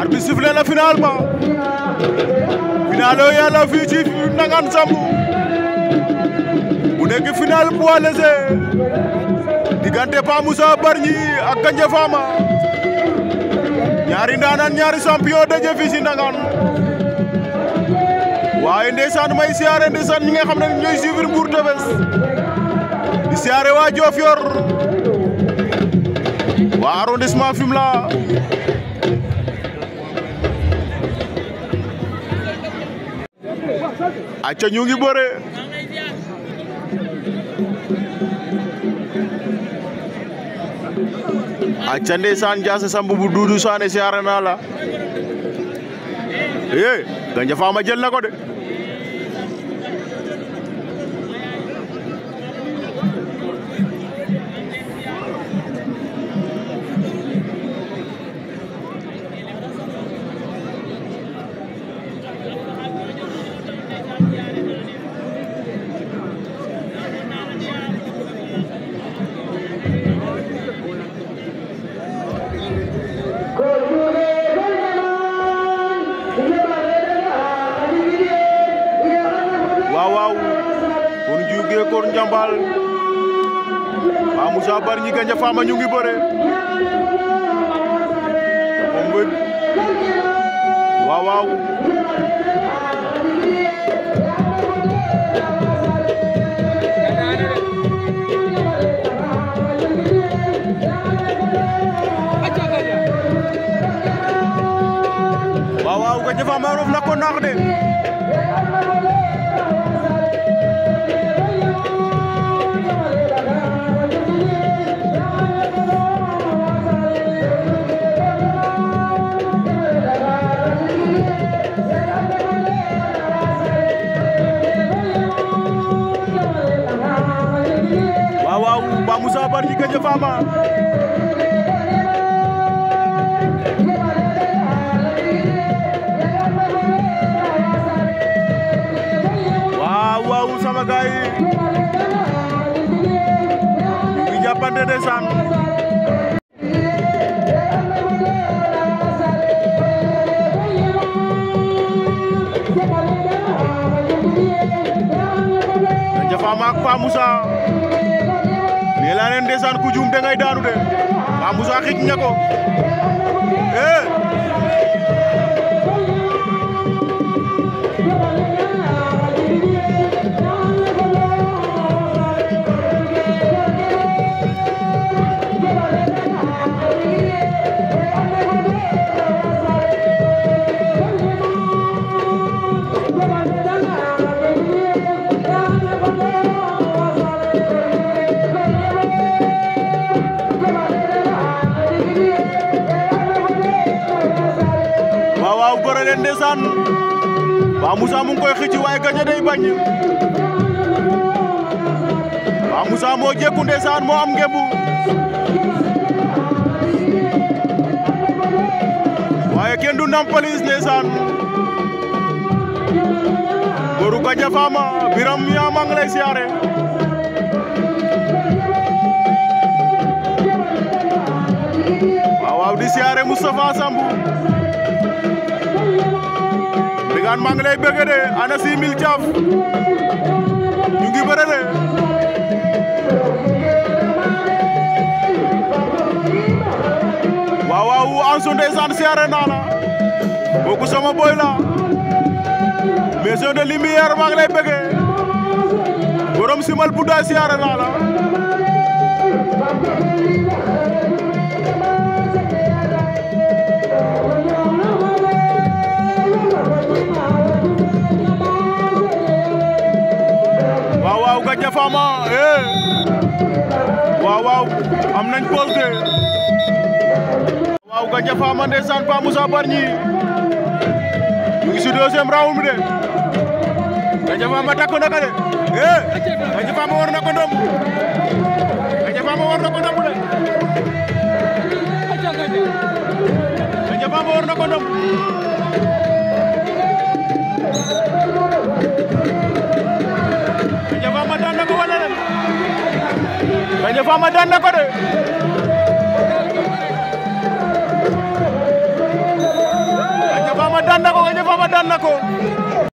arbitre sifflé na final ba final yooyu yàlla fii ci Ndangane Samb nekk final poids diggante Pa Moussa Bargny ak Gandia ñaari ndaanaan ñaari champion daje fii ci Ndangane waaye ndeysaan may siyaare ndeysaan ñi nga xam ne ñooy suivre Mbour Tefess di siyaare waa Diofior waa arrondissement Fimela acca ñu ngi bëre acca ndeysaan jaase samb bu duudu saane siyaare naa la ee eh, Gandia Fama jël na ko de Touré Kor Njambal Paa Moussa Bargny Gandia Fama ñu ngi bëre moom nga na ko naax de Moussa Bargny Gandia Fama waaw waaw sama gaay yi jàppante ndeysaan Gandia Fama ak Pa Moussa yéen laa leen ndeysaan ku juum da ngay daanu de Mame Moussa xij na ndeysaan Ba Moussa koy xëcc waaye gañe day bañ Ba Moussa moo jékku ndeysaan moo am ngembu waaye kenn du Nampalys ndeysaan boru Gandia Fama Biram yaa maa lay siyaare waaw waaw di siyaare Moustapha Samb Viviane maa ngi lay bëgg de ana 6000 caaf ñu de waaw waaw Ansu siyaare naa la kooku sama boy la maison de lumière maa ngi lay bëgg simal bu siyaare naa la Ama eh waaw waaw am nañ pause de waaw Gandia Fama ndeysaan Pa Moussa Bargny ñu ngi si deuxième round bi de Gandia de eh Gandia Fama war na ko ndom war na ko de Gandia Fama war na ko ndom Gandia Fama daan ko de Gandia Fama daan ko Gandia Fama daan na ko